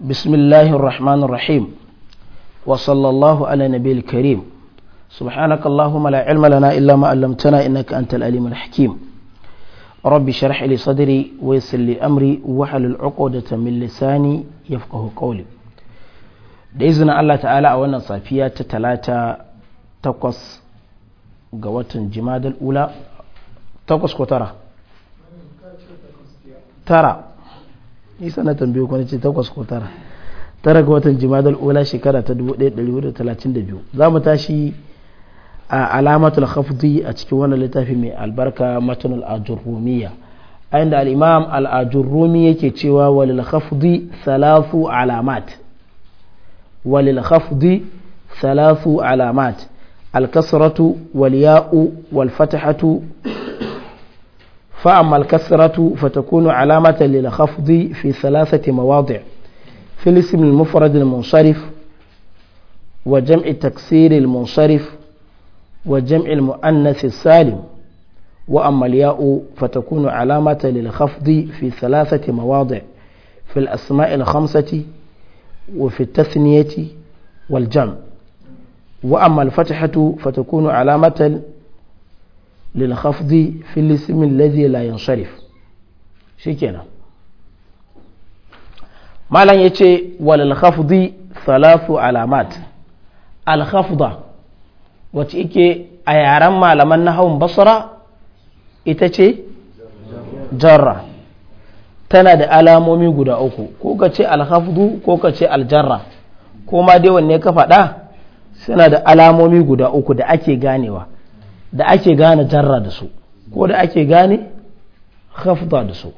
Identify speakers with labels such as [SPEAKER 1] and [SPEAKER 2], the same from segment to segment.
[SPEAKER 1] بسم الله الرحمن الرحيم وصلى الله على نبي الكريم سبحانك اللهم لا علم لنا إلا ما علمتنا إنك أنت الأليم الحكيم ربي شرح لي صدري ويسر لي أمري وحل العقدة من لساني يفقه قولي بإذن الله تعالى أولا صافية تلاتة تقص قوات جماد الأولى تقص كترة ترى nisa na tambaye ku ce takwas ko tara tara ga watan jimadal ula shekara ta 1432 za mu tashi a alamatul khafdi a cikin wannan littafi mai albarka matan al a inda al-imam al-ajurrumi yake cewa walil khafdi thalathu alamat walil khafdi alamat al-kasratu wal ya'u wal fatahatu فأما الكسرة فتكون علامة للخفض في ثلاثة مواضع في الاسم المفرد المنصرف وجمع التكسير المنصرف وجمع المؤنث السالم وأما الياء فتكون علامة للخفض في ثلاثة مواضع في الأسماء الخمسة وفي التثنية والجمع وأما الفتحة فتكون علامة للخفض في الاسم الذي لا ينصرف شكرا ما لن يتي وللخفض ثلاث علامات a وتيكي أيارم ما لمن نهون بصرة إتتي jarra tana da alamomi guda uku ko ka ce alhafdu ko ka ce aljarra ko ma dai wanne ka faɗa suna da alamomi guda uku da ake ganewa da ake gane jarra da su ko da ake gane khafda da su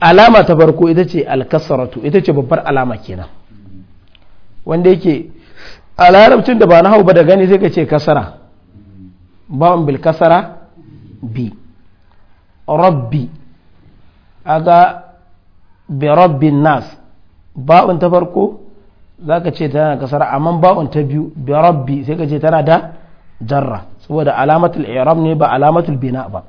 [SPEAKER 1] alama ta farko ita ce alkasaratu ita ce babbar alama kenan wanda yake a larabcin da ba na hau ba da gani sai ka ce kasara ba bil kasara bi rabbi aga bi rabbin nas ba'un ta farko za ka ce tana kasara amma ba'un ta biyu bi rabbi sai ka ce tana da jarra saboda alamatul i'rab ne ba alamatul bina ba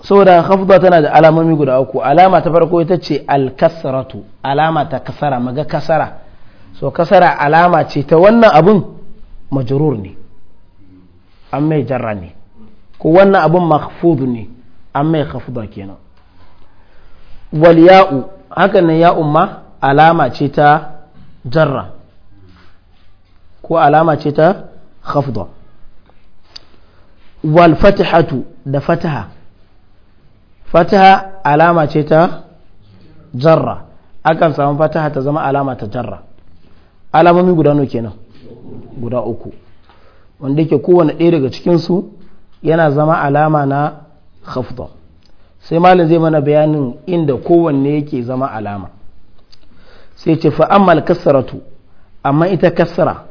[SPEAKER 1] saboda khafda tana da alamomi guda uku alama ta farko ita ce alkasratu alama ta kasara maga kasara so kasara alama ce ta wannan abun majrur ne an mai jarra ne ko wannan abun mahfud ne an mai khafda kenan wal ya'u hakan ne ya'u ma alama ce ta jarra ko alama ce ta khafda wal fatihatu da fataha fataha alama ce ta jarra akan samu fataha ta zama alama ta jarra alamomi guda nawa kenan guda uku wanda yake kowane ɗaya daga cikinsu yana zama alama na khafda sai malin zai mana bayanin inda kowanne yake zama alama sai ce fa'ammal kasaratu amma ita kasara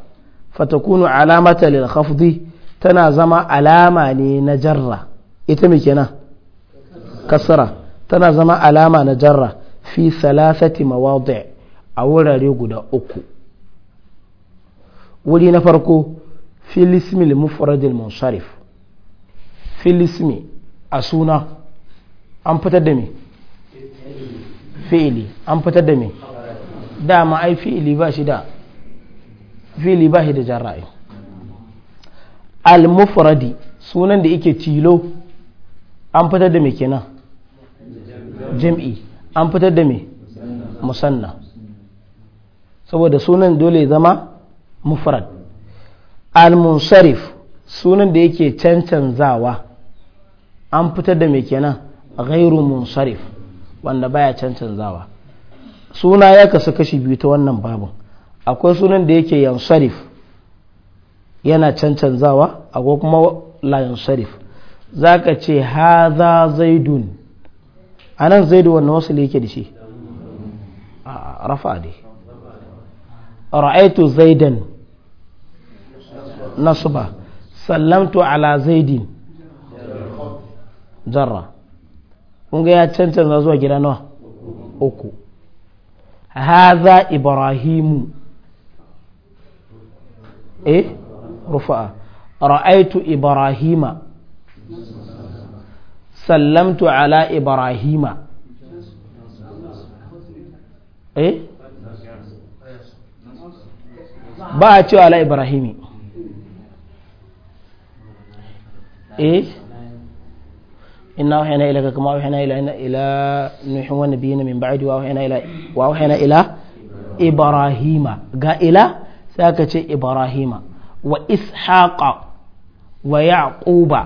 [SPEAKER 1] فتكون علامة للخفض تنازم علامة نجرة يتمي كنا كسرة تنازم علامة نجرة في ثلاثة مواضع أولا ريقنا أكو ولي نفركو في الاسم المفرد المنصرف في الاسم أسونا أم بتدمي فيلي أم بتدمي دا ما أي فيلي باش دا fili ba da jarra'i al-mufradi sunan da yake tilo an fitar da me kenan jam'i an fitar da me musanna saboda sunan dole zama mufrad al-munsarif sunan da yake cancanzawa an fitar da me kenan ghairu munsarif wanda baya cancanzawa suna ya kasu kashi biyu ta wannan babin akwai sunan da yake yansarif yana cancanzawa akwai kuma la yansarif za ka ce haza zaidun a nan zaidu wannan wasu yake da shi a rafa ne ra'aitu zaidan nasuba sallamtu ala zaidin jarra kun ya cancanza zuwa gida nawa uku haza ibrahimu إيه رفعة رأيت ibrahima سلمت على ibrahima إيه بعت على إبراهيم إيه إن eh إنا أوحينا إليك كما أوحينا إلى إلى نوح ونبينا من بعد وأوحينا إلى وأوحينا إلى إبراهيم قال إلى sai aka ce ibrahima wa ishaqa wa yaquba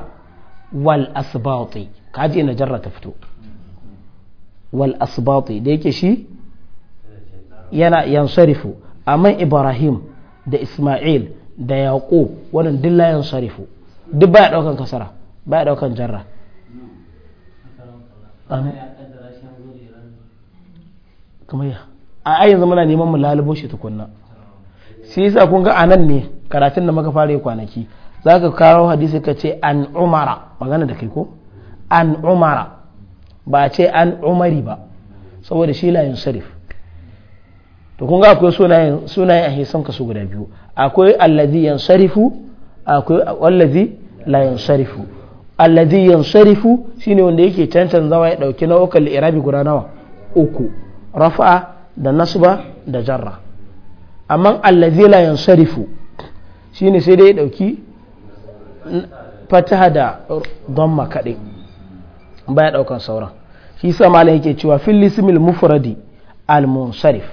[SPEAKER 1] wal asbati kaji na jarra ta fito wal asbati da yake shi yana yansarifu amma ibrahim da isma'il da yaqub wannan duk la yansarifu duk baya daukan kasara baya daukan jarra kamar ya a yanzu muna neman mu lalubo shi tukunna shi yasa kun ga anan ne karatun da muka fara kwanaki za ka kawo hadisi ka ce an umara magana da kai ko an umara ba ce an umari ba saboda shi layin sharif to kun ga akwai sunayen sunayen a hisan kasu guda biyu akwai allazi sharifu akwai allazi la sharifu allazi sharifu shine wanda yake cancan cancanzawa ya dauki nau'ukan irabi guda nawa uku raf'a da nasba da jarra amma allazi la yansarifu shine sai dai dauki fataha da dhamma kadai baya daukan sauran shi sa malam yake cewa fil ismil mufradi al munsarif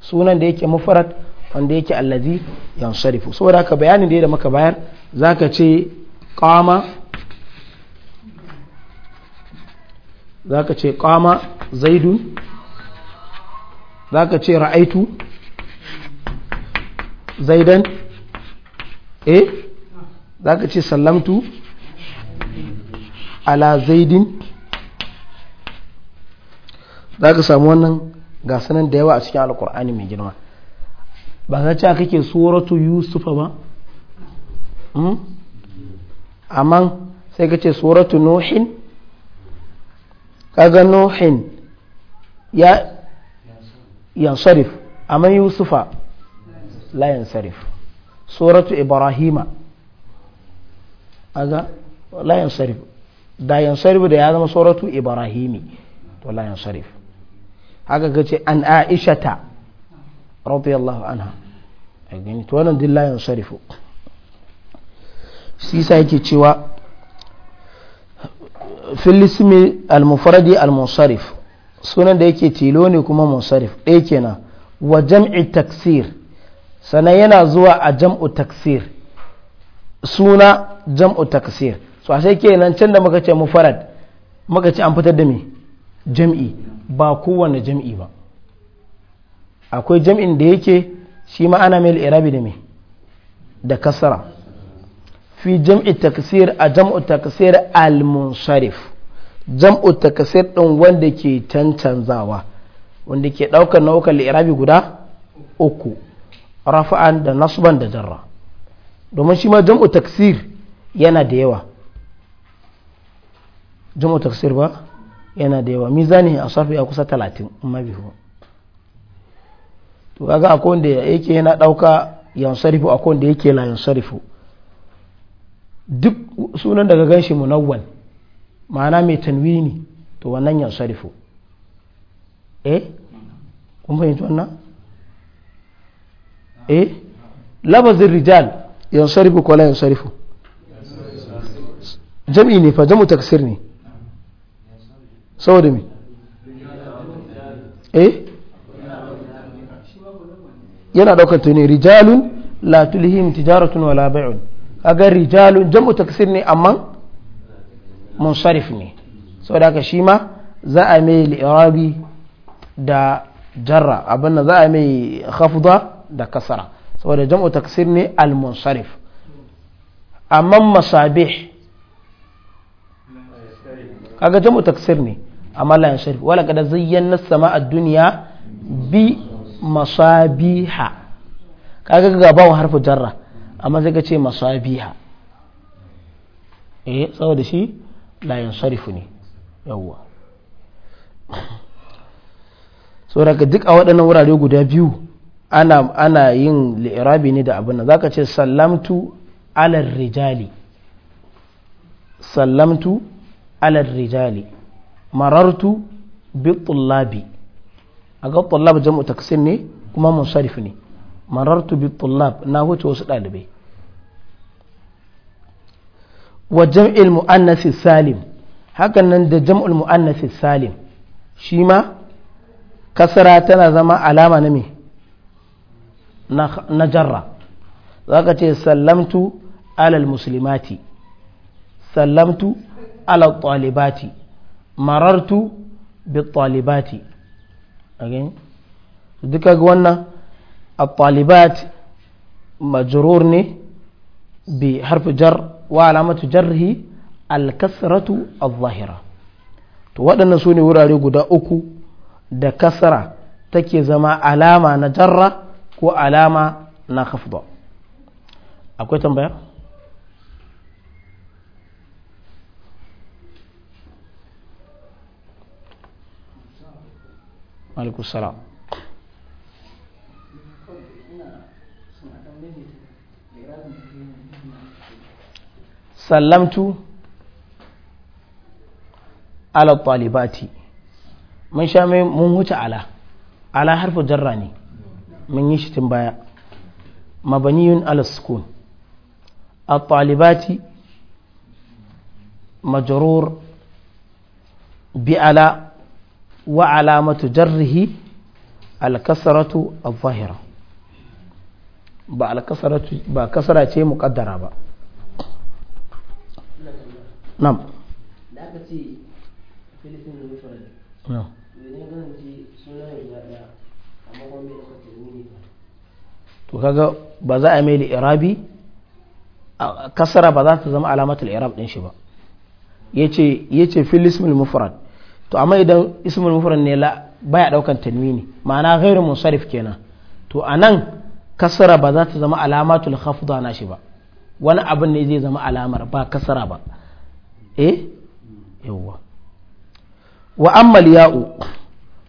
[SPEAKER 1] sunan da yake mufrad wanda yake allazi yansarifu saboda haka bayanin da da maka bayar zaka ce qama zaka ce qama zaidun zaka ce ra'aitu zaidan eh za ka ce sallamtu ala zaidin za ka samu wannan gasanan da yawa a cikin alkur'ani mai girma ba za ce kake suratu yusufa ba hmm? amma sai ka ce suratu nuhin kaga nuhin ya yansarif amma yusufa la yansarif suratu ibrahima aga la yansarif da yansarif da ya zama suratu ibrahimi to la yansarif haka kace an aishata radiyallahu anha a gani to wannan din la yansarifu shi sa yake cewa filismi al-mufradi al-munsarif sunan da yake tilo ne kuma munsarif ɗaya kenan wa jam'i taksir sannan yana zuwa a jam'u taksir suna jam'u taksir so a sai kenan can da muka ce mufarad muka ce an fitar da me jam'i ba kowane jam'i ba akwai jam'in da yake shi ma ana mai irabi da me da kasara fi jam'i taksir a jam'u taksir al-munsharif jam'u taksir ɗin wanda ke canzawa, wanda ke ɗaukar nau'ukan irabi guda uku rafa'an da nasban da jarra domin shi ma jam'u taksir yana da yawa jam'u taksir ba yana da yawa mizani a safi a kusa talatin amma bihu to kaga akwai wanda yake yana dauka yansarifu akwai wanda yake la yansarifu duk sunan daga ganshi munawwan ma'ana mai tanwini to wannan yansarifu eh kun fahimci wannan eh labazin rijal yansarifu ko la yansarifu jam'i ne fa jam'u taksir ne saboda me eh yana daukar to ne rijalun la tulhim tijaratun wala bai'un aga rijalun jam'u taksir ne amma munsarif ne saboda haka shi ma za a mai li'irabi da jarra abin za a mai khafda da kasara saboda jam'u taksir ne al-munsarif amma masabih kaga jam'u taksir ne amma la yansarif wala kada zayyana sama'a dunya bi masabiha kaga ga bawo harfu jarra amma sai ka ce masabiha eh saboda shi la yansarifu ne yawwa saboda duk a waɗannan wurare guda biyu ana ana yin li'irabi ne da abin nan zaka ce sallamtu ala rijali sallamtu ala rijali marartu bi tullabi aga tullab jam'u ne kuma munsarif ne marartu bi tullab na wuce wasu ɗalibai wa jam'il muannath salim hakan nan da jam'ul muannath salim shi ma kasara tana zama alama na me na jarra za ka ce sallamtu alal muslimati sallamtu alal talibati marartu bi talibati duka ga wannan الطالبات مجرور wa جر jarhi alkasratu الكسرة الظاهرة to waɗannan su ne wurare guda uku da kasara take zama alama na jarra ko alama na khafda akwai tambaya alaikun salam sallamtu ala talibati mun sha mai mun huce ala ala harfi jarra ne mun yi shi tun baya mabaniyun alaskun الطالبات مجرور بألا وعلامة جره الكسرة الظاهرة ba kasara ce muƙaddara ba nam da aka ce filifin da mutane ne ne ganin ji to kaga ba za a mai irabi kasara ba za ta zama alamatul irab din shi ba yace yace fil ismul mufrad to amma idan ismul mufrad ne la baya daukan tanwini ma'ana ghairu munsarif kenan to anan kasara ba za ta zama alamatul khafda na shi ba wani abin ne zai zama alamar ba kasara ba eh yawa wa ammal ya'u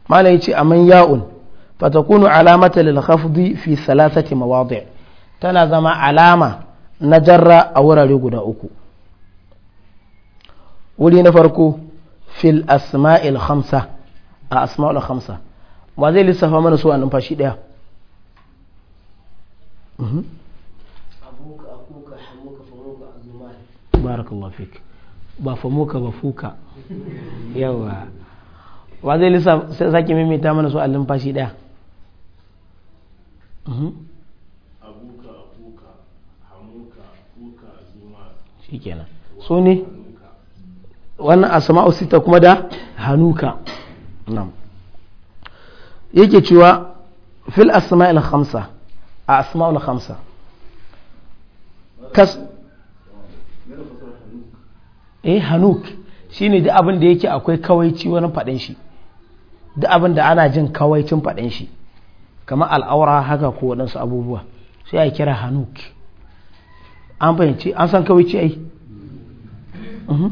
[SPEAKER 1] malai yace amman ya'un fatakunu alamata lil khafdi fi salasati mawadi' tana zama alama na jarra a wurare guda uku wuri na farko fil asma'il khamsa a khamsa wa lissafa mana su a numfashi daya mhm. Mm-hmm. abuka abuka hamuka kuka zuma shikenan so ne wannan asma'u sita kuma da hanuka na'am yake cewa fil asma'il khamsa a asma'ul khamsa kas eh hanuk shine duk abin da yake akwai kawaici wani faɗin shi da abin da ana jin kawaicin faɗin shi kamar al'aura haka ko waɗansu abubuwa sai a kira hanuk an fahimci an san kawai ce ai mhm.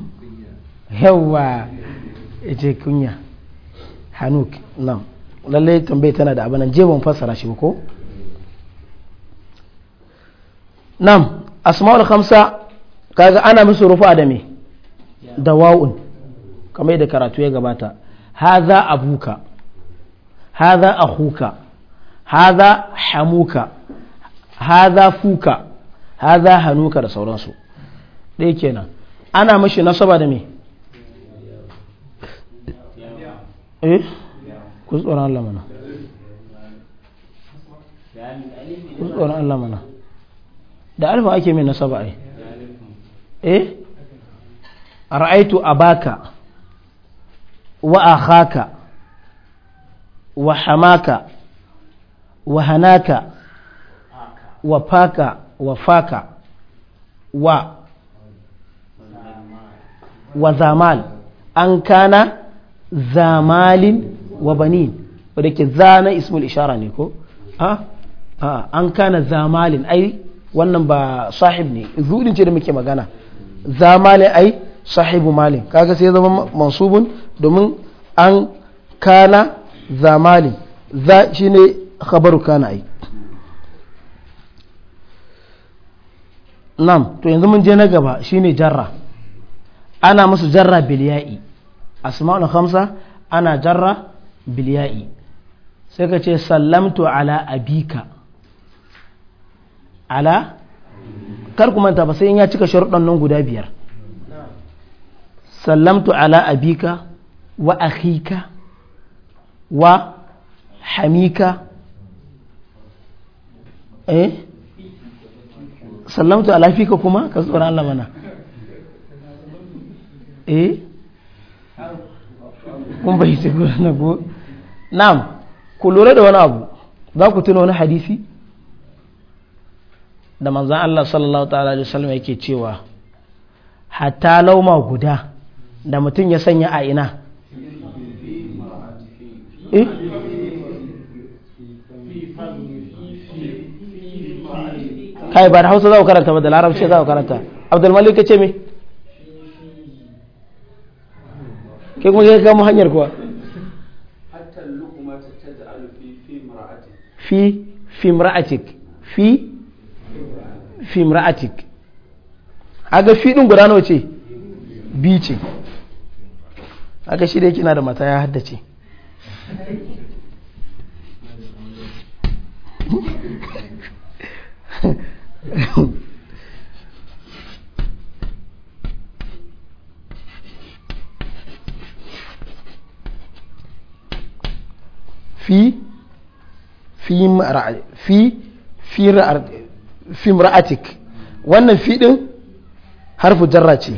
[SPEAKER 1] yawa ce kunya hanuk nan lallai tambayi tana da abinan jebon fassara shi ko nan asma'ul khamsa kaga ana musu rufu da me da wa'un kamar da karatu ya gabata haza abuka haza akhuka haza hamuka haza fuka haza hanuka da sauransu ɗaya kenan ana mashi nasaba da me
[SPEAKER 2] eh ku tsoron Allah mana
[SPEAKER 1] ku tsoron Allah mana da alfa ake mai nasaba ai eh ra'aitu abaka wa akhaka wa hamaka wa hanaka wa faka wa faka wa wa zamal an kana zamalin wa banin wadda ke zana ismul ishara ne ko an kana zamalin ai wannan ba sahib ne zuɗin ce da muke magana zamalin ai sahibu malin kaga sai zama mansubun domin an kana zamalin za shi ne. khabaru kana ai nam to yanzu mun je na gaba shine jarra ana musu jarra bilya'i asma'ul khamsa ana jarra bilya'i sai ka ce sallamtu ala abika ala kar ku manta ba sai in ya cika sharuɗan nan guda biyar sallamtu ala abika wa akhika wa hamika eh sallamtu ala fika kuma ka tsoron Allah mana eh kun bai ce na go na'am ku lura da wani abu za ku tuna wani hadisi da manzan Allah sallallahu ta'ala alaihi wasallam yake cewa hatta lauma guda da mutum ya sanya a ina eh kai ba da hausa za ku karanta ba da larabci za ku karanta abdulmalik ka ce me ke kuma ka kama hanyar kuwa fi fi mra'atik fi fi mra'atik aga fi din guda nawa ce bi ce aga shi da yake na da mata ya haddace fi fi fi ra'atik wannan fi din harfu jarra ce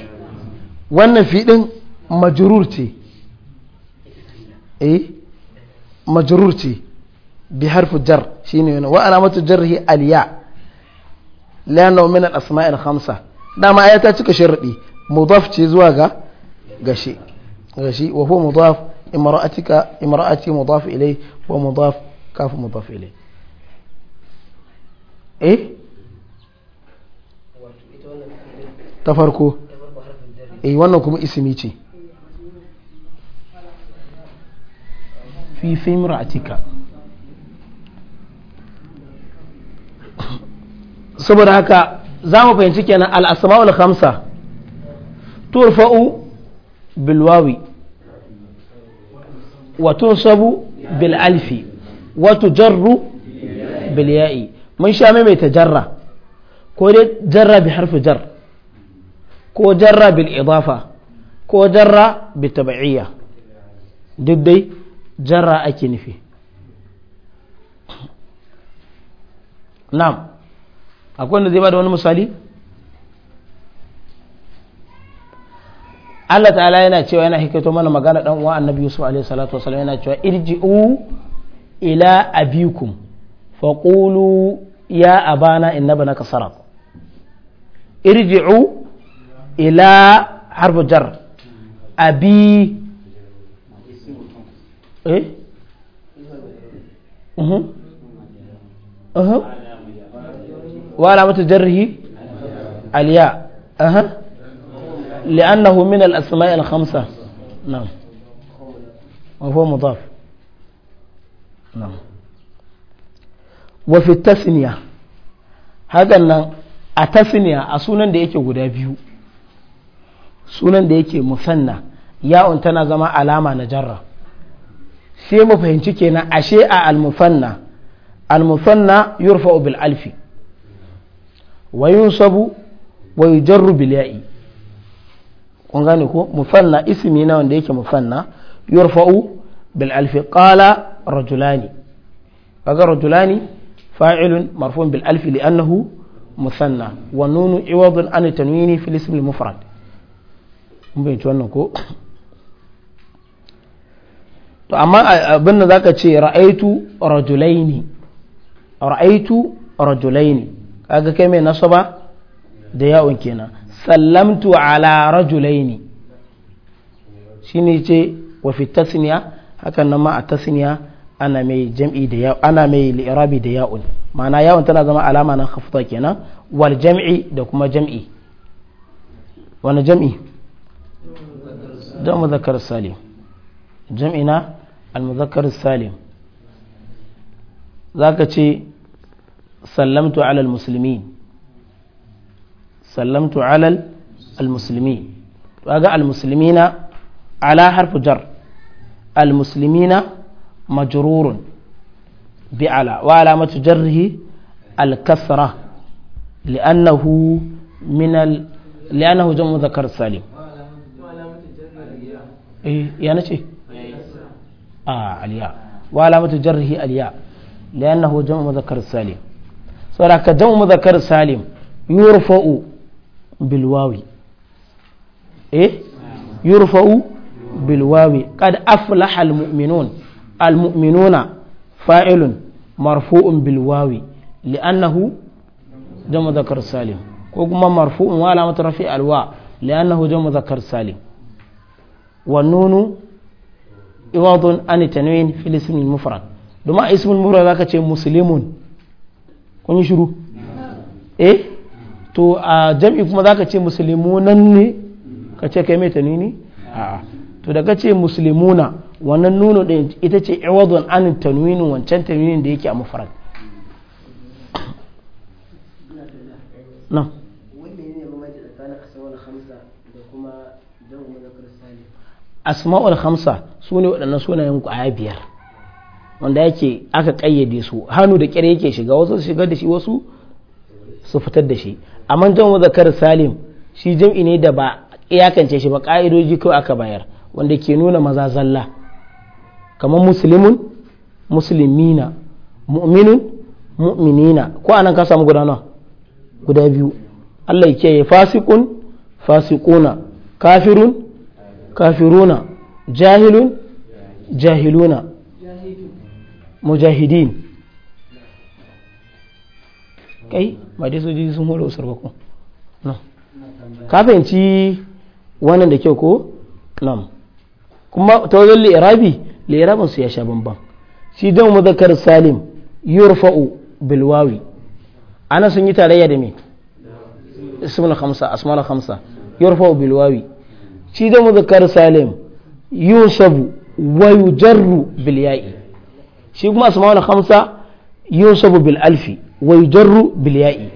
[SPEAKER 1] wannan fi din majrur ce eh majrur ce bi harfu jar shine wa alamatu jarhi aliya lana min al-asma'il khamsa dama ya ta cika sharadi mudaf ce zuwa ga gashi gashi wa huwa mudaf imra'atika imra'ati mudaf ilay wa mudaf kaf mudaf ilay eh ta farko eh wannan kuma ismi ce fi fi imra'atika saboda haka za mu fahimci kenan al'asma'ul khamsa turfa'u bilwawi wa tunsabu bil alfi wa tujarru mun sha mai jarra ko dai jarra bi harfi jar ko jarra bil ko jarra bi tab'iyya duk dai jarra ake nufi na'am akwai wanda zai ba da wani misali Allah ta'ala yana cewa yana hikato mana magana dan uwa annabi Yusuf alaihi salatu wasallam yana cewa irji'u ila abikum faqulu ya abana banaka kasara irji'u ila harfu jar abi eh mhm. uh -huh. wa alamatu jarrihi aliya aha li'annahu min al-asma'i al-khamsa na'am tasniya hakan nan a tasniya a sunan da yake guda biyu sunan da yake musanna yawon tana zama alama na jarra sai mu fahimci kenan ashe a almufanna almusanna yurfa bil alfi wa yunsabu wa yujarru bil ya'i kun gane ko mufanna ismi na wanda yake mufanna yurfa'u bil alfi qala rajulani kaga rajulani fa'ilun marfu'un bil alfi li'annahu مثنى والنون عوض عن التنوين في الاسم المفرد mun wannan ko to amma abin da zaka ce ra'aitu rajulaini ra'aitu rajulaini aga kai mai nasaba da yawon kenan sallamtu ala rajulaini shine ce wa fi tasniya hakan nan ma a tasniya ana mai jam'i da ya ana mai li'irabi da ya'un ma'ana yawon tana zama alama na khafta kenan wal jam'i da kuma jam'i wani jam'i da muzakkar salim jam'i na al muzakkar salim zaka ce sallamtu alal musulmi sallamtu alal almusulmi ga almusulmina ala harfu jar almusulmina wa alamatu jarrihi alkasra li'annahu min al li'annahu jamu dhakar salim eh ya nace ah aliya wa alamatu jarrihi aliya li'annahu صراحة جمع مذكر سالم يرفع بالواوي إيه يرفع بالواوي قد أفلح المؤمنون المؤمنون فاعل مرفوع بالواوي لأنه جمع ذكر سالم كما مرفوع وعلامة رفع الواء لأنه جمع ذكر سالم والنون إواض عن التنوين في الاسم المفرد لما اسم المفرد ذاك مسلمون kun yi shiru eh to a jam'i kuma za ka ce muslimunan ne ka ce kai mai tanini a'a to da ka ce musulmuna wannan nuno din ita ce iwadun anin tanwinin wancan tanwinin da yake a mufrad nan asma'ul hamsa su ne waɗannan sunayen ƙwaya biyar wanda yake aka ƙayyade su hannu da kyar yake shiga wasu su shigar da shi wasu su fitar da shi amma zakar salim shi jam'i ne da ba iyakance shi ba ka'idoji kawai aka bayar wanda ke nuna maza zalla kamar musulmin musulmina mu'minin mu'minina ko anan ka samu guda nawa guda biyu Allah yake ya fasiqun fasiquna kafirun kafiruna jahilun jahiluna mujahidin kai ba dai sojoji sun hore usar ba ko ka fahimci wannan da kyau ko nam kuma ta wajen li'irabi li'irabin su ya sha bambam shi don mazakar salim yurfa'u bilwawi ana sun yi tarayya da me ismul khamsa asmal khamsa yurfa'u bilwawi shi don mazakar salim yusabu wa yujarru bilya'i shi kuma asma'ul hamsa Yusuf bil alfi wai jarru bil ya'i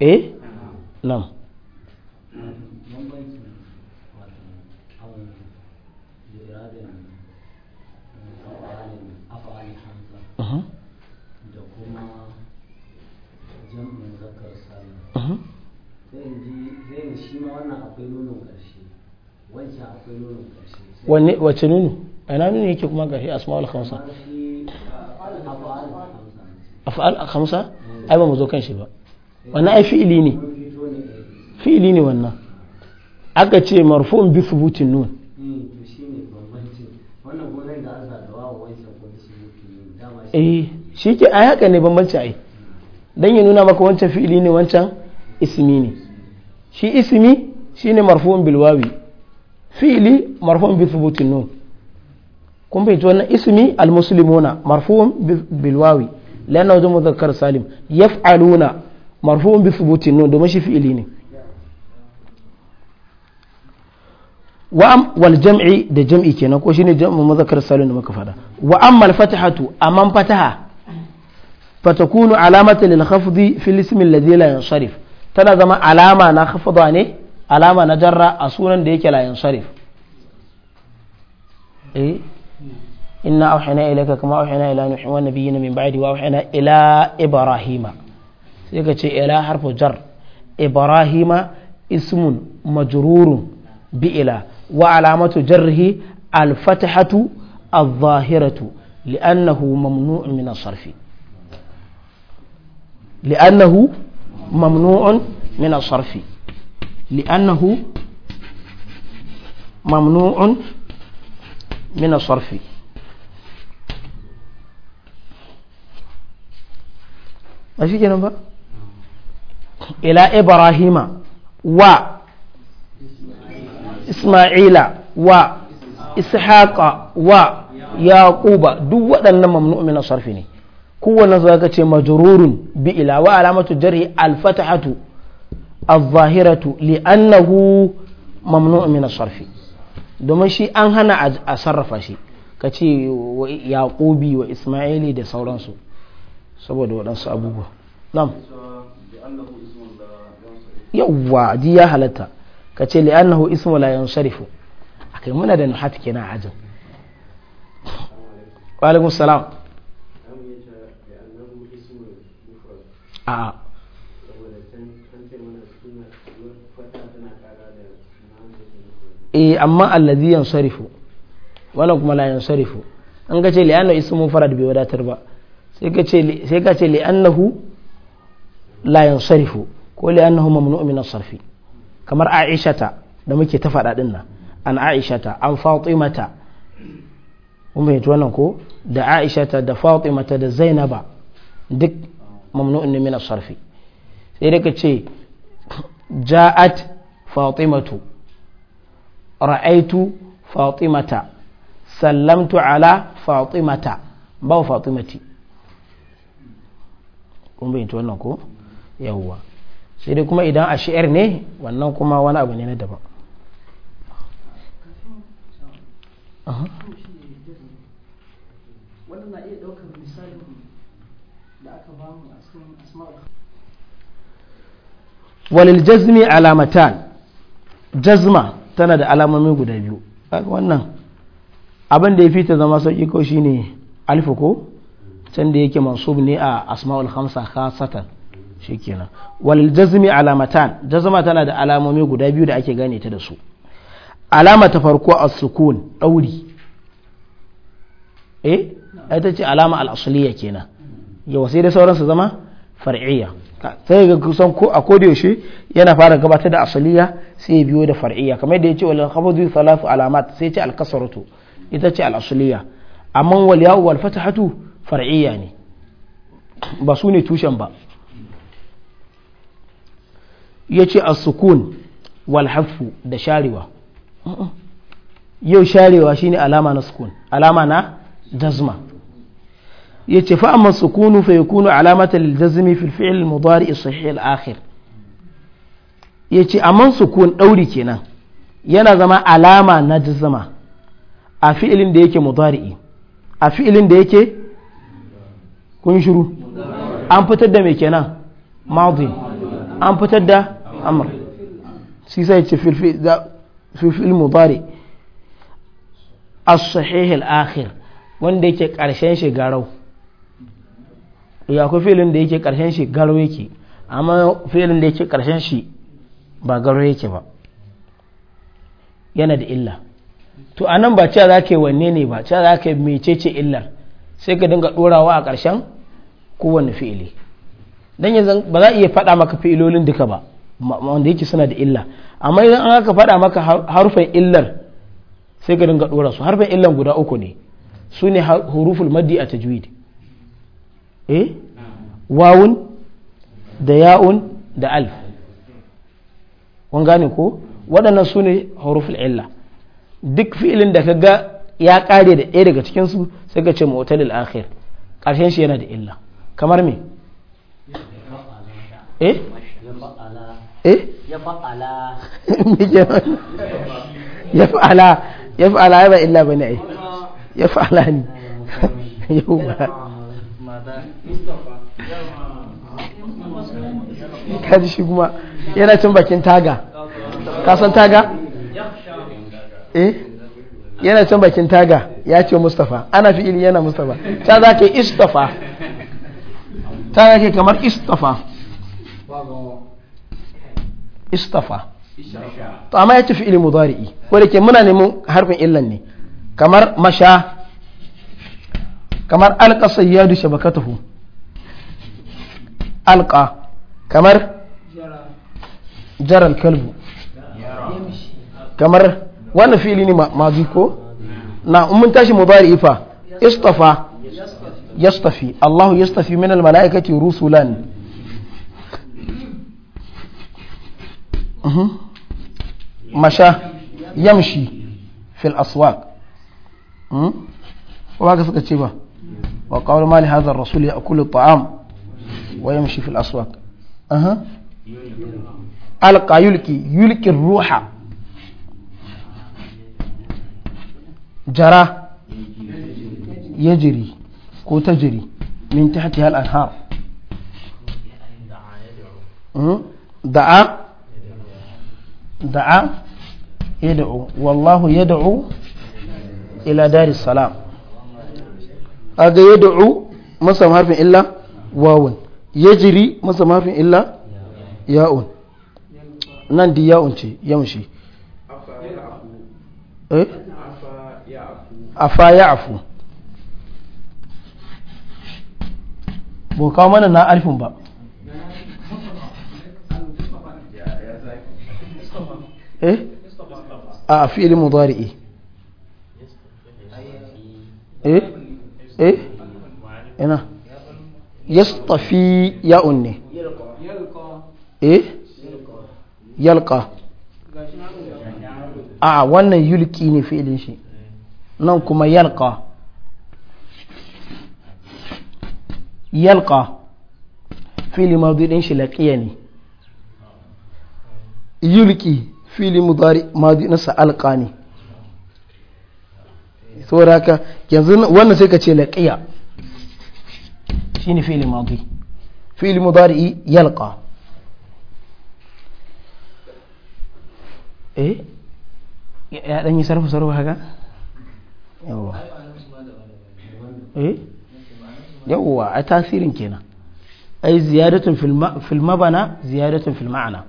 [SPEAKER 1] eh nuno ina nuni yake kuma gashi a khamsa a khamsa ai ba mu zo kan shi ba wannan ai fi'ili ne fi'ili ne wannan aka ce marfu'un bi thubutin nun eh shi ke a haka ne bambanci ai dan ya nuna maka wancan fi'ili ne wancan ismi ne shi ismi shine marfu'un bil wawi fi'ili marfu'un bi thubutin nun kun bai wannan ismi almuslimuna marfu'un bilwawi lana wajen muzakkar salim yaf'aluna marfu'un bi thubutin nun domin shi fi'ili ne wa wal jam'i da jam'i kenan ko shine jam'u muzakkar salim da muka fada wa amma al fatahatu amman fataha fatakunu alamatan lil khafdi fil ismi alladhi la yansharif tana zama alama na khafda ne alama na jarra a sunan da yake la yansharif eh إنا أوحينا إليك كما أوحينا إلى نوح ونبينا من بعد وأوحينا إلى إبراهيم سيكتشي إلى حرف جر إبراهيم اسم مجرور بإلى وعلامة جره الفتحة الظاهرة لأنه ممنوع من الصرف لأنه ممنوع من الصرف لأنه ممنوع من الصرف ba shi kenan ba ibrahima wa isma'ila wa ishaqa wa yaquba duk waɗannan mamnu'u min sarfi ne kowanne za ka ce majrurun bi ila wa alamatu jarhi al-fatahatu al-zahiratu li'annahu mamnu'u na sarfi domin shi an hana a sarrafa shi kace ce yaqubi wa isma'ili da sauransu saboda waɗansu abubuwa nam yawwa ji ya halatta ka ce li'annahu ismu la yansharifu akai muna da nuhat kenan a ajin wa alaikum salam a'a eh, amma alladhi yansarifu wannan kuma la yansarifu an ga ce li'annahu ismu farad bai wadatar ba sai ka ce li'annahu la yansarifu ko li'annahu mamnu'u min as-sarfi kamar aishata da muke ta faɗa din nan an aishata an fatimata kuma fahimci wannan ko da aishata da fatimata da zainaba duk mamnu'un min as-sarfi sai dai ka ce ja'at fatimatu ra'aitu fatimata sallamtu ala fatimata ba fatimati kun bayyanci wannan ko yawwa sai dai kuma idan a shi'ar ne wannan kuma wani abu ne na daban walil jazmi alamatan jazma tana da alamomi guda biyu wannan abin da ya fi ta zama sauƙi ko shine alfu ko can da yake mansub ne a asma'ul hamsa khasatan shikenan wal jazmi alamatan jazma tana da alamomi guda biyu da ake gane ta da su alama ta farko as-sukun dauri eh ita ce alama al-asliya kenan yawa sai da sauransu zama far'iyya sai ga kusan ko a koda yaushe yana fara gabatar da asaliya sai ya biyo da far'iyya kamar yadda ya ce wal khabadu thalathu alamat sai ce al kasratu ita ce al asliya amma wal ya'u wal fatahatu far'iyya ne ba su ne tushen ba ya ce a sukun walhafu da sharewa yau sharewa shine alama na sukun alama na jazma ya ce fa'amman sukunu fa yakunu alamatan liljazmi fil fi'il mudari sahih al-akhir ya ce sukun ɗauri kenan yana zama alama na jazma a fi'ilin da yake mudari'i a fi'ilin da yake kun shiru an fitar da mai kenan madi an fitar da amur si sai ce filfil mudari as-sahih akhir wanda yake karshen shi garau ya ku filin da yake karshen shi garau yake amma filin da yake karshen shi ba garau yake ba yana da illa to anan ba cewa za ka yi wanne ne ba cewa za ka yi mecece illar sai ka dinga dorawa a karshen kowane fi'ili dan yanzu ba za a iya faɗa maka fi'ilolin duka ba wanda yake suna da illa amma idan an aka faɗa maka harufan illar sai ka dinga ɗora su harufan illan guda uku ne su ne huruful maddi a tajwid eh wawun da ya'un da alf kun gane ko waɗannan su ne huruful illa duk fi'ilin da ka ga ya ƙare da ɗaya daga cikinsu sai ka ce mu'talil akhir ƙarshen shi yana da illa kamar me eh eh ya fa'ala ya fa'ala ya fa'ala ba illa bane ai ya fa'ala ni yawa kaji shi kuma yana cin bakin taga kasan taga eh yana cin bakin taga ya ce mustafa ana fi'ili yana mustafa ta za ka yi istafa ta yake kamar istafa istafa to amma ya tafi ilin mudari'i ko da ke muna neman harfin illan ne kamar masha kamar alka sayyadu shabakatahu alka kamar jaral kalbu kamar wannan fili ne ma ko na mun tashi mudari'i fa istafa يصطفي الله يصطفي من الملائكة رسلا مشى يمشي في الأسواق أه. وقال ما لهذا الرسول يأكل الطعام ويمشي في الأسواق أه. ألقى يلقي يلقي الروح جرى يجري ko tajiri min tahtiha al-anhar hmm? da'a da'a yad'u wallahu ya yad'u ila dari salam a ga ya yad'u masa harfin illa wawun jiri masa harfin illa ya'un nan di ya'un ce yamshi afa ya eh? afa ba kawo mana na alifin ba eh a fi'il mudari'i eh eh ina yastafi ya'un ne eh yalka a wannan yulki ne fi'ilin shi nan kuma yalka. yalqa fili madi din shi laqiya ne fili mudari madi na alqa ne saboda yanzu wannan sai ka ce laqiya shine fili fili mudari yalqa eh ya dan yi yawwa a tasirin kenan ai ziyaratun fil mabana ziyaratun fil ma'ana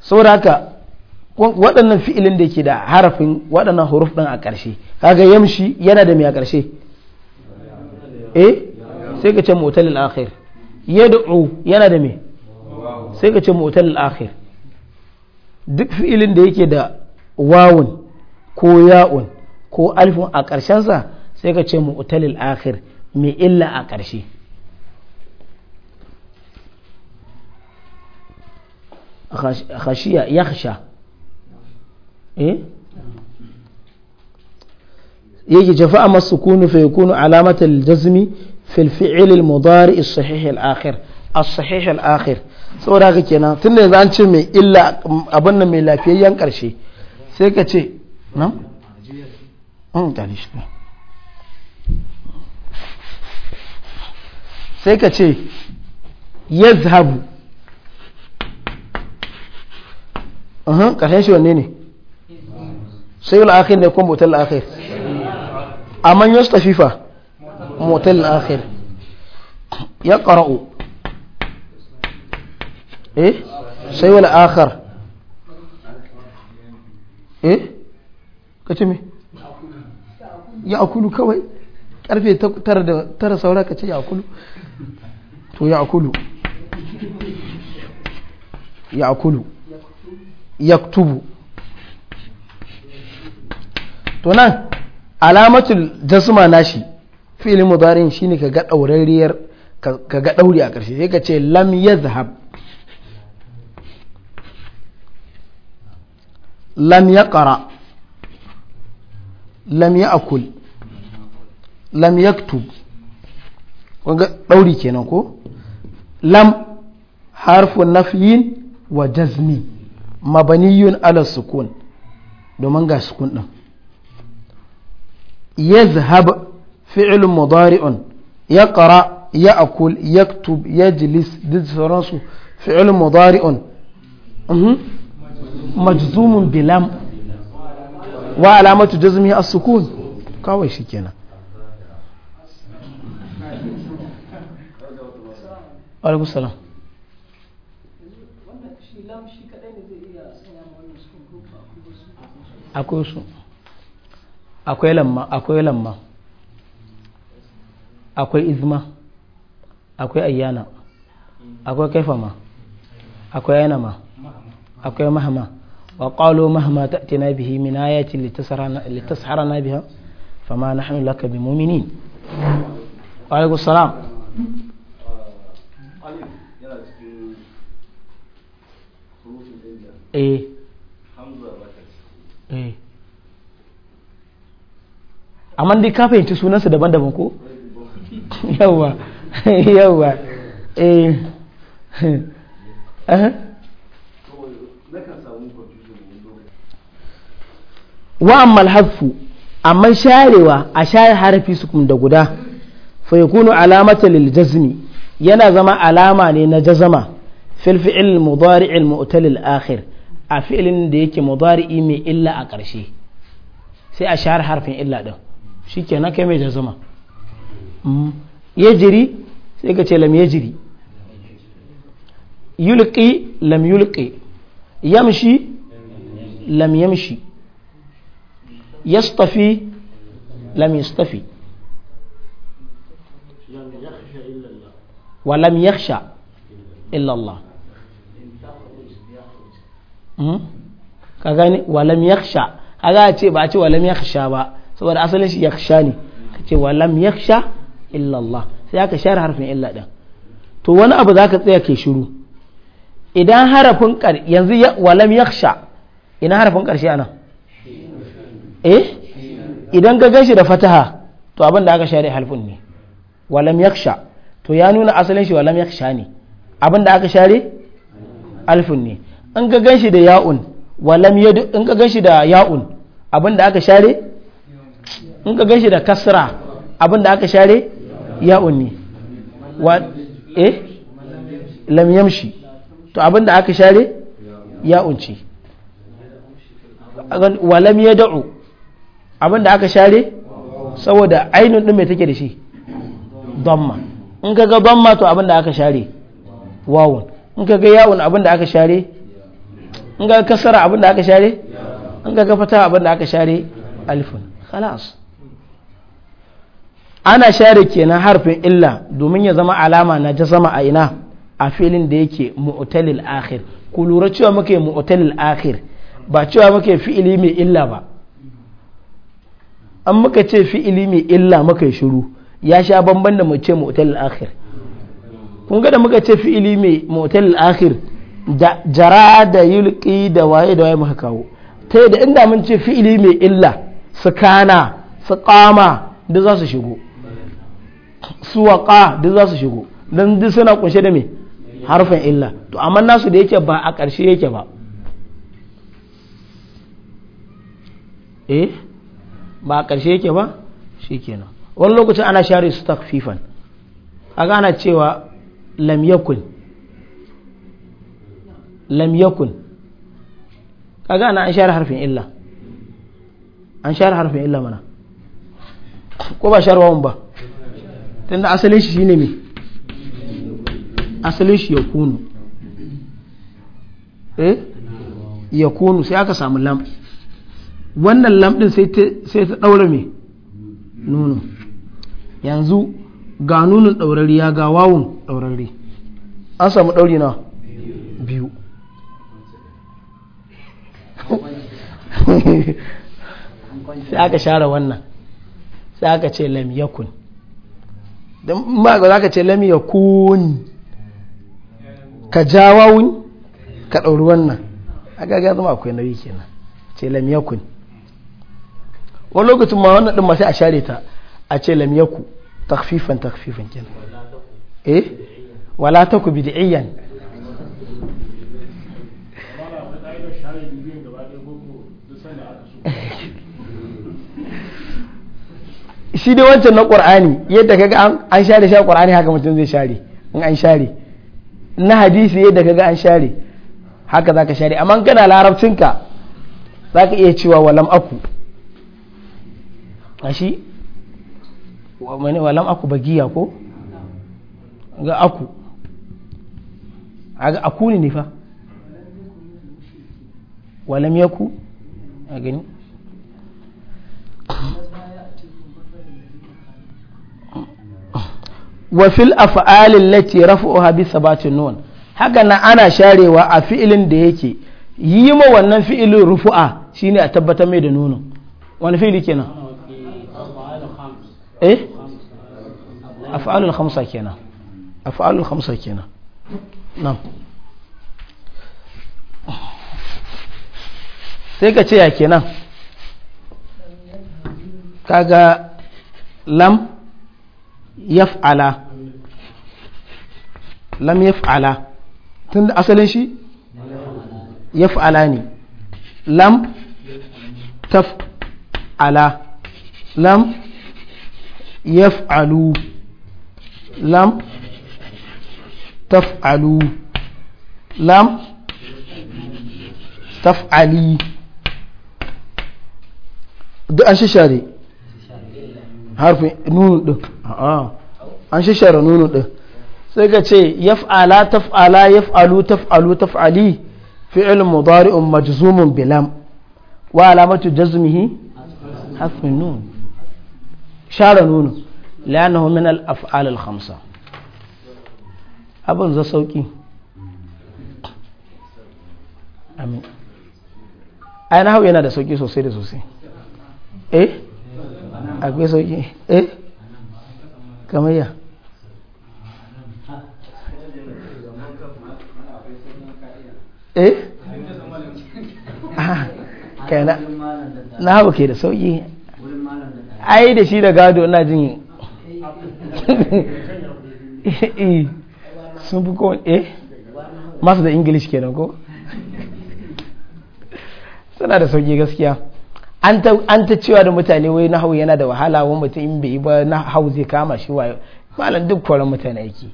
[SPEAKER 1] saboda haka waɗannan fi'ilin da ke da harafin waɗannan huruf ɗin a ƙarshe kaga yamshi yana da mai a ƙarshe eh sai ka ce mutalil akhir yad'u yana da mai sai ka ce mutalil akhir duk fi'ilin da yake da wawun ko ya'un ko alfun a ƙarshensa sai ka ce mu'talil akhir mai illa a ƙarshe khashiya yakhsha eh yake jafa'a masukunu fa yakunu alamatal jazmi fil fi'il al mudari as sahih al akhir as sahih al akhir saboda haka kenan tunda yanzu an ce mai illa abin nan mai lafiyayyen karshe sai ka ce na? Mm, sai ka ce yazhabu ahun ƙarshen shi wanne ne sai al'akhir ne kuma motar la'akhir a manyan su tafifa motar la'akhir ya ƙara'u eh sai wani akhar eh ka ce me ya akulu kawai karfe tara saura ka ce ya akulu to ya akulu ya akulu yaktubu to nan alamatul jasma nashi filin mudari'in shine ka ga daurariyar ka ga dauri a ƙarshe sai ka ce lam yazhab lam yaqra lam ya'kul lam yaktub kunga ɗauri kenan ko lam harfu nafyin wa jazmi mabaniyun ala sukun domin ga sukun ɗin yazhab fi'ilun mudari'un ya ƙara ya akul ya ktub ya jilis duk sauransu mudari'un mhm. majzumun bilam wa alamatu jazmi a sukun kawai shi kenan alaikum salam akwai su akwai lamma akwai lamma akwai izma akwai ayyana akwai kaifama akwai yanama akwai mahama wa ƙwalo mahama ta'tina bihi min ayatin litasharana na biha fama nahnu laka bimu'minin wa alaikun salam A. eh amma dai ka fahimci sunansa daban-daban ko yawwa yawwa eh wa ammal hazfu amma sharewa a share harafi su da guda fa yakunu alamatan lil jazmi yana zama alama ne na jazama fil fi'il mudari' al mu'tal al akhir a filin da yake mudari'i mai illa a ƙarshe sai a share harfin illa ɗin shi ke na kai mai jazuma mm. ya jiri sai ka ce lam ya jiri yulki lam yulki yamshi lam yamshi yastafi lam yastafi wa lam yakhsha illa Allah Hmm? ka gane walam za a ce ba a ce walam yaksha ba saboda asalin shi yaksha ne ka ce walam yaksha illallah sai aka share harfin illa din to wani abu za ka tsaya ke shiru idan harafin kar yanzu walam yaksha ina harafin karshe ana. eh idan ka gashi da fataha to abin da aka share harfin ne walam yaksha to ya nuna asalin shi walam yaksha ne abin da aka share alfin ne in ka gan shi da ya'un walam yadu in ka gan shi da ya'un abin da aka share in ka gan shi da kasra abin da aka share ya'un ne wa eh lam yamshi to abin da aka share ya'un ce walam yad'u abin da aka share saboda ainun din mai take da shi damma in ka ga damma to abin da aka share wawun in ka ga ya'un abin da aka share in ga kasara abin da aka share in ga fata abin da aka share alifun khalas ana share kenan harfin illa domin ya zama alama na jazama a ina a filin da yake mu'talil akhir ku lura cewa muke mu'talil akhir ba cewa muke fi'ili mai illa ba an muka ce fi'ili mai illa muka shiru ya sha bamban da mu ce mu'talil akhir kun ga da muka ce fi'ili mai mu'talil akhir da jara da yulki da waye da waye muka kawo ta da inda mun ce fi'ili mai illa su kana su kama duk za su shigo su waƙa duk za su shigo don duk suna kunshe da mai harfin illa to amma nasu da yake ba a ƙarshe yake ba eh ba a ƙarshe yake ba shi kenan wani lokacin ana share su takfifan a gana cewa lam yakun lam yakun kaga ana an share harfin illa an share harfin illa mana ko ba share wawan ba tunda asalin shi shine me asalin shi ya kunu eh ya kunu sai aka samu lam wannan lam din sai ta daura me nunu yanzu ga nunun daurari ya ga wawun daurari an samu dauri na sai aka share wannan sai aka ce lam yakun don ba ga za ka ce lam yakun ka jawawun ka ɗauri wannan aka ga zama akwai nauyi kenan ce lam yakun wani lokacin ma wannan din ma sai a share ta a ce lam yaku takfifan takfifan kenan eh wala taku bidiyan shi dai wancan na qur'ani yadda kaga an share shi qur'ani haka mutum zai share in an share na hadisi yadda kaga an share haka zaka share amma kana larabcinka zaka iya cewa walam aku ashi walam aku bagiya ko ga aku aga aku ne fa walam yaku a gani wa fil af'alin lati raf'uha bi sabatin nun haka nan ana sharewa a fi'ilin da yake yi ma wannan fi'ilin rufu'a shine a tabbatar mai da nunu wani fi'ili kenan eh af'alul khamsa kenan af'alul khamsa kenan nan sai ka ce ya kenan kaga lam yaf'ala lam yaf'ala tun da asalin shi yaf'ala ne lam taf'ala lam yaf'alu lam taf'alu lam taf'ali duk an shi share harfin nunu ɗin an shishara nunu ɗin sai ka ce yaf'ala taf'ala yaf'alu taf'alu taf'ali fi'il mudari'un majzumun bilam wa alamatu jazmihi harfin nun share nunu la'annahu min al-af'al al-khamsa abin za sauki amin ai na hau yana da sauki sosai da sosai eh akwai sauki eh kamar ya eh ah, kaina na hau ke da sauki ai da shi da gado na jin eh, sun fi kowane eh masu da ingilish kenan ko suna da sauki gaskiya an ta cewa da mutane wai na hau yana da wahala wani mutum in bai yi ba na hau zai kama shi wa malam duk kwaran mutane yake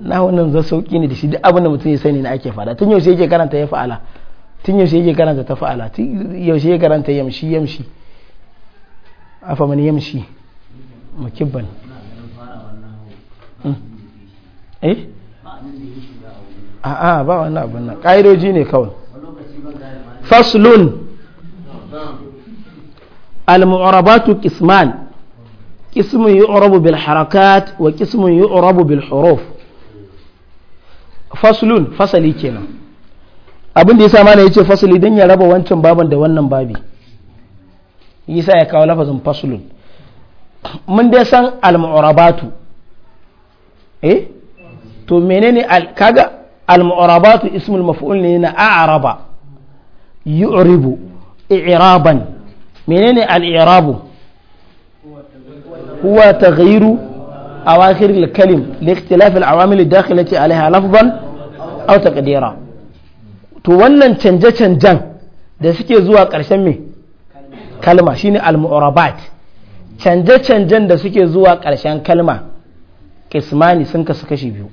[SPEAKER 1] na nan za sauki ne da shi duk abin da mutum ya sani na ake fada tun yaushe yake karanta ya fa'ala tun yaushe yake karanta ta fa'ala tun yaushe yake karanta yamshi yamshi afa man yamshi makibban hmm. eh a'a ba wannan abin nan ka'idoji ne kawai faslun المعربات قسمان قسم يعرب بالحركات وقسم يعرب بالحروف فصل فصلي كنا abin da yasa mana yace fasali dan ya raba wancan baban da wannan babi yasa ya kawo lafazin faslun mun dai san al-mu'rabatu eh to menene al kaga al-mu'rabatu ismul maf'ul ne na a'raba yu'ribu i'raban menene al-i'rabu huwa taghyiru awakhir al-kalim li ikhtilaf al-awamil ad-dakhilati alaiha lafzan aw taqdira to wannan canje canjen da suke zuwa ƙarshen me kalma shine al-mu'rabat canje canjen da suke zuwa ƙarshen kalma kismani sun kasu kashi biyu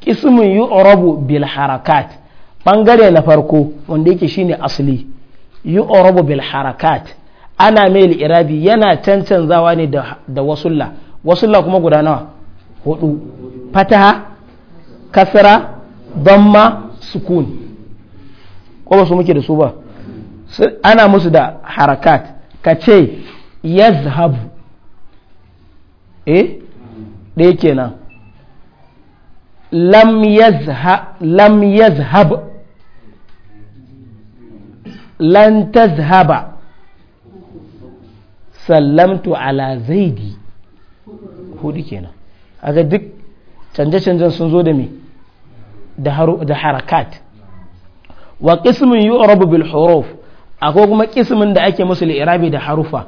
[SPEAKER 1] kismin yu'rabu bil harakat bangare na farko wanda yake shine asli yu'rabu bil harakat ana mai irabi yana cancanzawa ne da wasulla wasulla kuma guda nawa hudu fataha kasra damma sukun ko ba su muke da su ba ana musu da harakat ka ce yazhabu eh ɗaya kenan lam yazhab lan tazhaba sallamtu ala zaidi hudu kenan aga duk canje-canjen sun zo da me da harakat wa yi yu'rabu bil huruf akwai kuma qismin da ake musu irabi da harufa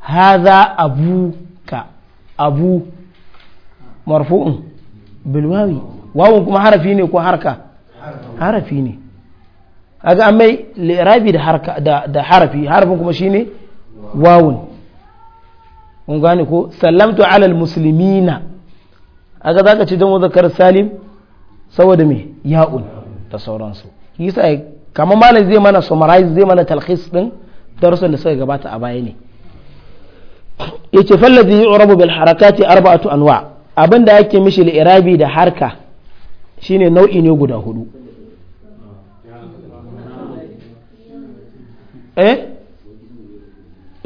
[SPEAKER 1] hadha abuka abu marfu'un bil wawi wawun kuma harafi ne ko harka harafi ne aga an mai rabi da harafi harafin kuma shine wawun kun gane ko sallamtu alal muslimina aga zaka ce dan zakar salim saboda me ya'un da sauransu yasa kamar malam zai mana summarize zai mana talhis din darussan da suka gabata a baya ne yace fallazi yu'rabu bil harakati arba'atu anwa abinda yake mishi la'irabi da harka shine nau'i ne guda hudu e eh,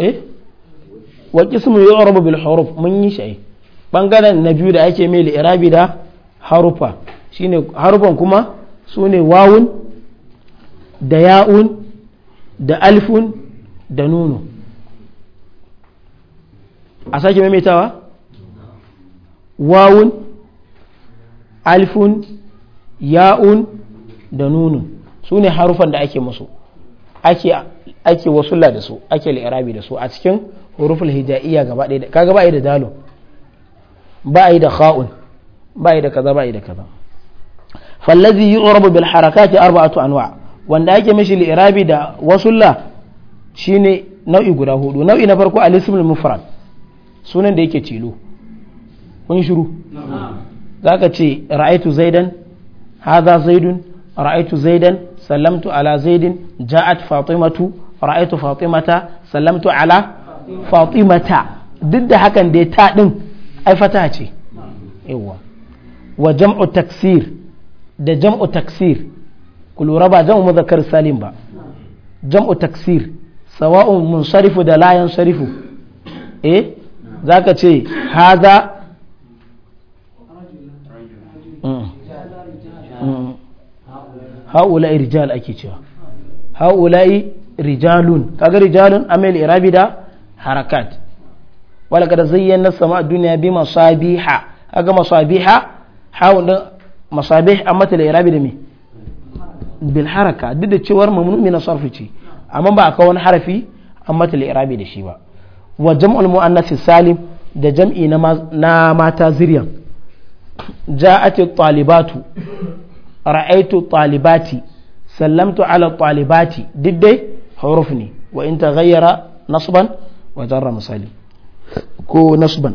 [SPEAKER 1] eh? wa qismu yu'rabu bil huruf mun yi shi bangaren na biyu da ake mai li'irabi da harufa shine harufan kuma sune wawun da ya'un da alfun da nunu a sake maimaitawa wawun alfun ya'un da nunu su ne harufan da ake musu ake ake wasulla da su ake li'irabi da su a cikin huruful hijaiya gaba ɗaya kaga ba yi da dalo ba yi da kha'un ba yi da kaza ba yi da kaza fallazi yu'rabu bil harakati arba'atu anwa wanda ake mishi li'irabi da wasulla shine nau'i guda hudu nau'i na farko al-ismul mufrad sunan da yake tilo kun shiru zaka ce ra'aitu zaidan hadha zaidun ra'aitu zaidan sallamtu ala zaidin ja'at fatimatu ra'aitu fatimata sallamtu ala fatimata duk da hakan dai ta din ai ce wa jam'u taksir da jam'u taksir ku lura ba jam'u muzakkar salim ba jam'u taksir sawa'un sarifu da la sarifu eh zaka ce haza haula'i rijal ake cewa haula'i rijalun kaga rijalun amil irabi da harakat wala kada zayyana sama duniya bi masabiha aga masabiha haulin masabih amma ta irabi da me bil haraka duk da cewar mamnu min sarfi ce amma ba aka wani harafi amma ta irabi da shi ba wa jam'ul muannath salim da jam'i na mata zuriya ja'at talibatu ra'aitu talibati sallamtu ala talibati diddai dai huruf ne wa in taghayyara nasban wa jarra misali ko nasban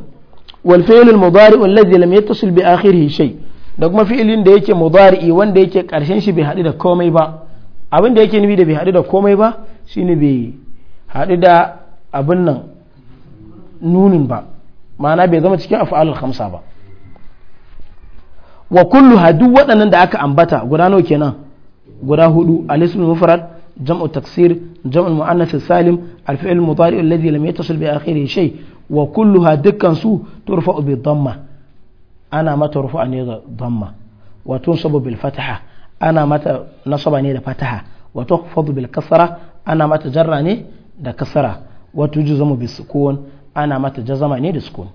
[SPEAKER 1] wal fi'l al mudari alladhi lam yattasil bi akhirih shay da kuma fi'ilin da yake mudari'i wanda yake karshen shi bai hadu da komai ba abin da yake nufi da bai hadu da komai ba shine bai hadu da abin nan nunin ba ma'ana bai zama cikin af'alul khamsa ba wa kulluha duk waɗannan da aka ambata guda nawa kenan guda hudu al-ismul mufrad jam'u taksir jam'u muannath salim al mudari alladhi lam yattasil bi akhirih shay wa kulluha dukkan su turfa'u bi dhamma ana mata rufa ne da dhamma wa tunsabu bil fataha ana mata nasaba ne da fataha wa tukhfadu bil kasra ana mata jarra ne da kasra wa tujzamu bis sukun ana mata jazama ne da sukun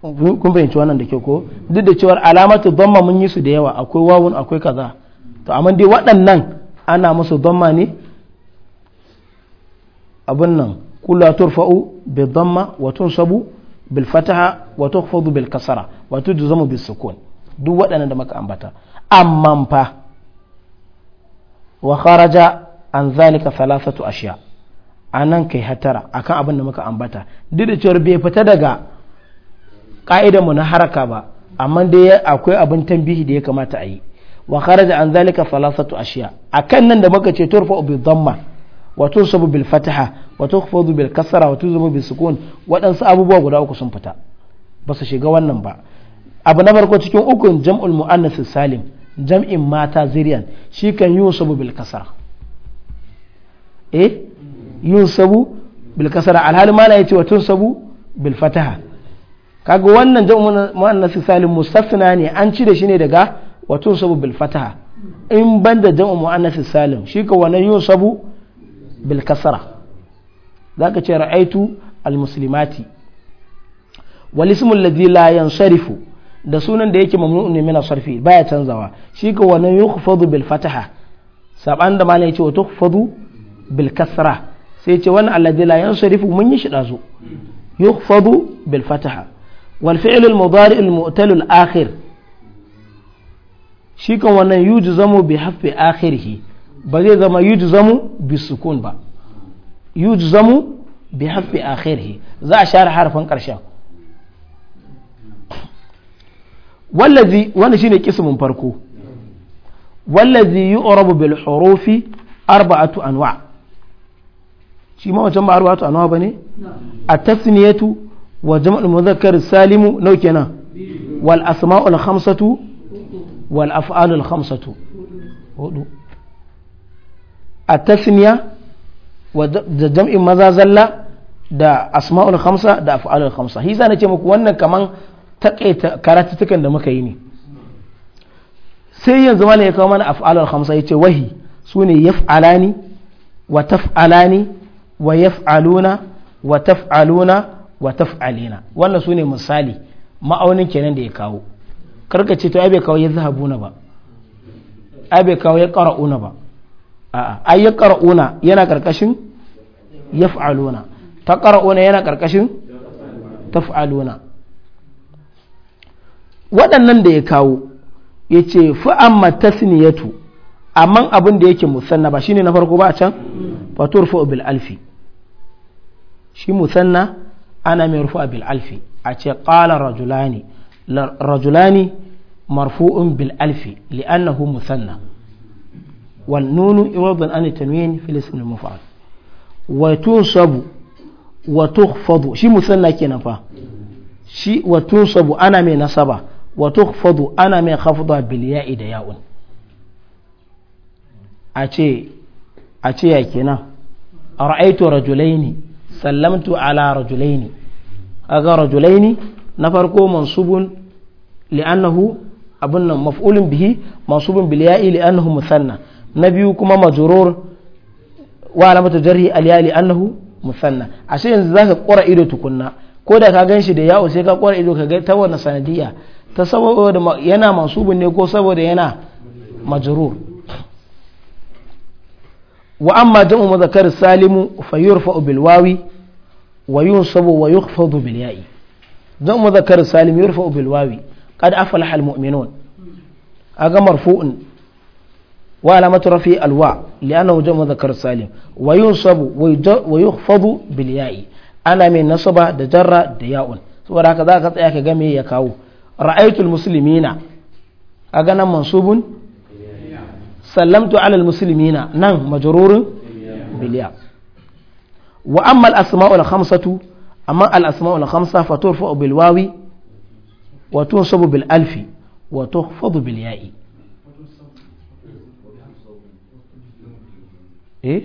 [SPEAKER 1] kun fahimci wannan da kyau ko duk da cewar alamatu dhamma mun yi su da yawa akwai wawun akwai kaza to amma dai waɗannan ana musu dhamma ne abin nan kula turfa'u bi dhamma wa tunsabu bil fataha wa tukhfadu bil kasara wa tujzamu bis sukun duk waɗannan da muka ambata amma fa wa kharaja an zalika thalathatu ashiya anan kai hatara akan abin da muka ambata duk da cewar bai fita daga ka'idar mu na haraka ba amma dai akwai abin tambihi da ya kamata a yi wa kharaja an zalika thalathatu ashiya akan nan da muka ce turfa bi dhamma wa tunsabu bil fataha wa tukhfadu bil kasra wa tuzamu bis sukun wadansu abubuwa guda uku sun fita ba su shiga wannan ba abu na farko cikin ukun jam'ul muannas salim jam'in mata zuriyan shi kan yusabu bil kasra eh bil kasra alhali ma la yace wa tunsabu bil fataha kaga wannan jam'u muannas salim mustasna ne an cire shi ne daga wato sabu bil fataha in banda jam'u muannas salim shi ka wannan yusabu bil kasra zaka ce ra'aitu al muslimati wal ismu alladhi la yansarifu da sunan da yake mamnu'un ne min sarfi baya canzawa shi ka wannan yukhfadu bil fataha saban da malai ce wato tukhfadu bil kasra sai ce wannan alladhi la yansarifu mun yi shi dazu yukhfadu bil fataha والفعل المضارع المؤتل الآخر shi kan wannan yujzamu bi hafi akhirhi ba zai zama yujzamu bi sukun ba yujzamu bi hafi akhirhi za a share harfin karshen wallazi wannan shine kismin farko wallazi yu'rabu bil hurufi arba'atu anwa shi ma ba wa jama'ul muzakkar salimu nau kenan wal asma'ul khamsatu wal af'alul khamsatu hudu a tasniya da jam'in maza zalla da asma'ul khamsa da af'alul khamsa hisa ce muku wannan kaman takaita karatutukan da muka yi ne sai yanzu malam ya kawo mana af'alul khamsa yace wahi sune yaf'alani wa taf'alani wa yaf'aluna wa taf'aluna wa taf'alina wannan sune misali ma'aunin kenan da ya kawo karka ce to ai bai kawo ya zahabuna ba ai bai kawo ya qara'una ba a'a ai ya qara'una yana karkashin yaf'aluna ta qara'una yana karkashin taf'aluna waɗannan da ya kawo ya ce amma tasniyatu amma abin da yake musanna ba shine na farko ba a can fatur fa'u bil alfi shi musanna ana mai rufu bil alfi a ce qala rajulani rajulani marfu'un bil alfi li'annahu musanna wal nunu iwadan an tanwin fil ism muf'al wa tunsabu wa tukhfadu shi musanna kenan fa shi wa tunsabu ana mai nasaba wa tukhfadu ana mai khafda bil ya'i da ya'un a ce a ce ya kenan ara'aytu rajulaini sallamtu ala rajulaini aga rajulaini na farko mansubun li'annahu abin nan maf'ulun bihi mansubun bil ya'i li'annahu musanna na biyu kuma majrur wa alamatu jarhi al ya'i li'annahu musanna ashe yanzu zaka kora ido tukunna ko da ka ganshi da ya'u sai ka kora ido ka ga ta wannan sanadiyya ta saboda yana mansubun ne ko saboda yana majrur wa amma jam'u mudhakkar salimu fa yurfa bil wawi wa yunsabu wa yukhfadu bil ya'i dan muzakkar salim yurfa'u bil wawi qad aflaha al mu'minun aga marfu'un wa alamatu rafi al wa li'annahu jamu salim wa yunsabu wa yukhfadu bil ana mai nasaba da jarra da ya'un saboda haka za ka tsaya ka ga ya kawo ra'aytul aga nan mansubun sallamtu alal musulmina nan majrurun biliya wa amma al-asma'ul khamsatu amma al-asma'ul khamsa fa turfa'u bil wawi wa tunsabu bil alfi wato tuhfadu bil ya'i eh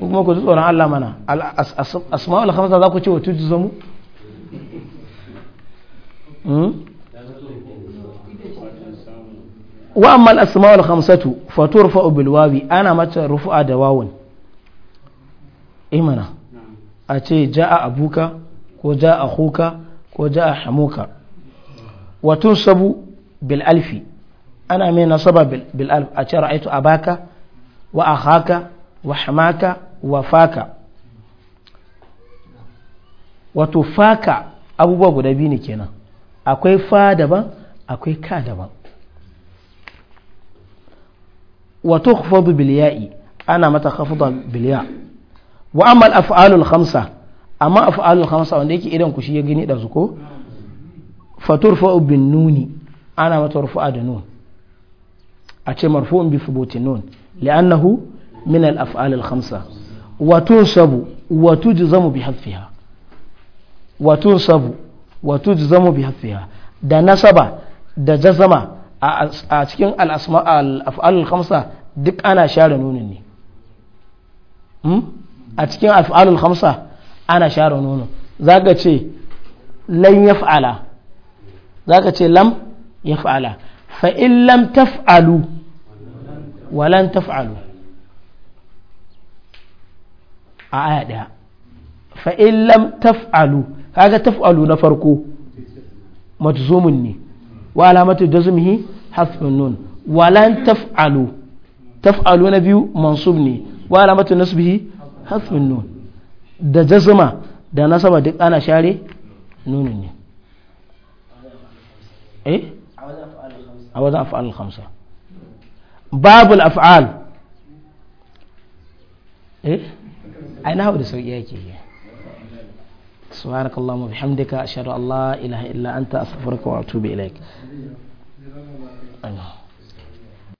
[SPEAKER 1] kuma ku ji tsoron Allah mana asma'ul khamsa za ku ce wa tujzamu hmm? wa amma al-asma'ul khamsatu fa turfa'u bil wawi ana mata rufu'a da wawun imana eh, a ce ja'a abuka ko ja'a huka ko ja'a hamuka watun sabu bil alfi ana mai nasaba bil a ce ra'aitu abaka wa ahaka wa hamaka wa faka wato faka abubuwa guda biyu ne kenan akwai fa daban akwai ka daban wato khafadu bil ana mata khafada bil wa amal af'alul khamsa amma af'alul hamsa wanda yake idan ku shi ya gani da su ko faturfa bin nuni ana mata rufu'a da nun a ce marfu'un bi thubuti nun li'annahu min al hamsa al sabu wa tunsabu wa tujzamu bi hadfiha wa tunsabu wa tujzamu bi hadfiha da nasaba da jazama a cikin al hamsa duk ana share nunin ne hmm? a cikin af'alul hamsa ana share nono za ka ce lan ya fa'ala za ka ce lam ya fa'ala fa'in lam taf'alu walan taf'alu a aya ɗaya fa'in lam taf'alu kaga taf'alu na farko matzumin ne wa alamatu jazmihi hasfin nun walan taf'alu taf'alu na biyu mansub ne wa alamatu nasbihi hasfin nun da jazuma da nasaba duk ana share nunin ne eh a wajen af'al khamsa babul af'al eh ai hau da sauƙi yake سبحانك اللهم وبحمدك أشهد أن لا إله إلا أنت أستغفرك وأتوب إليك أيوه.